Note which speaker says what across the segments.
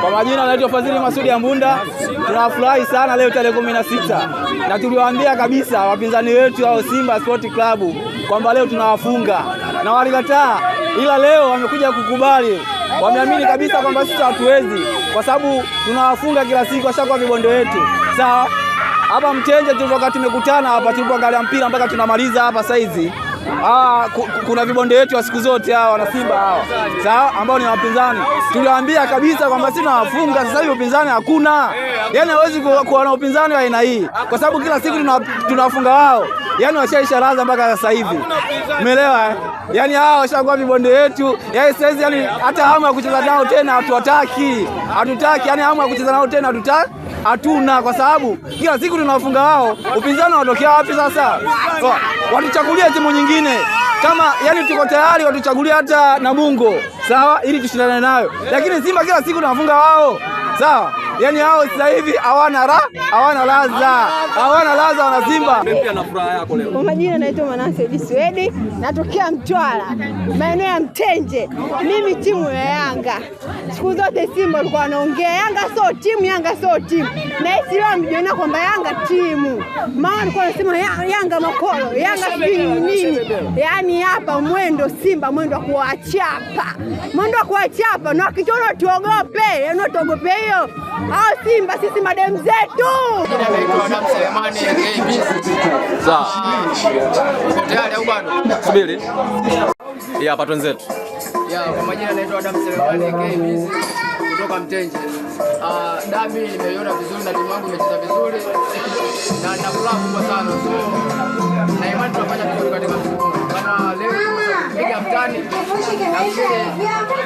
Speaker 1: Kwa majina naitwa Fadhili Masudi Ambunda. Tunafurahi sana leo tarehe kumi na sita na tuliwaambia kabisa wapinzani wetu hao Simba Sport Club kwamba leo tunawafunga na walikataa, ila leo wamekuja kukubali wameamini kabisa kwamba sisi hatuwezi, kwa sababu tunawafunga kila siku, washakuwa vibondo wetu. Sawa, hapa Mtenje tulivyokaa tumekutana hapa, tulipoangalia mpira mpaka tunamaliza hapa saizi Ah, kuna vibonde wetu wa siku zote hawa wana Simba hawa. Sawa, ambao ni wapinzani. Tuliwaambia kabisa kwamba sisi tunawafunga, sasa hivi upinzani hakuna. Yaani hawezi kuwa na upinzani wa aina hii kwa sababu kila siku tunawafunga wao. Yaani washaisha raza mpaka sasa hivi. Umeelewa? Eh? Yaani hawa washakuwa vibonde wetu. Yaani sasa yani hata hamu ya kucheza nao tena hatutaki. Hatutaki, yani hamu ya kucheza nao tena hatutaki hatuna, kwa sababu kila siku tunawafunga wao. Upinzani wanatokea wapi sasa? Watuchagulie timu nyingine kama yani, tuko tayari watuchagulie hata Nabungo, sawa, ili tushindane nayo, lakini Simba kila siku tunawafunga wao, sawa yani hao sasa hivi hawana ra hawana laza hawana laza wanasimba. ana
Speaker 2: furaha yako leo? Kwa majina naitwa Manase Jiswedi, natokea Mtwara maeneo ya Mtenje. Mimi timu ya Yanga siku zote, Simba alikuwa anaongea Yanga sio timu, Yanga sio timu, na hisi leo amejiona kwamba Yanga timu, maana alikuwa anasema Yanga makolo, Yanga sijui nini. Yani hapa mwendo Simba, mwendo wa kuwachapa, mwendo wa kuwachapa, na wakichora tuogope, tuogope hiyo Ah, Simba sisi madem zetu.
Speaker 3: Ya hapa twenzetu.
Speaker 4: Ya kwa majina naitwa Adam Selemani KB kutoka Mtenje. Ah, dabi nimeiona vizuri na timu yangu imecheza vizuri. Na na furaha kubwa sana. So na imani tunafanya vizuri katika mchezo. Maana leo tumepiga mtani. Na vile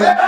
Speaker 4: Yeah.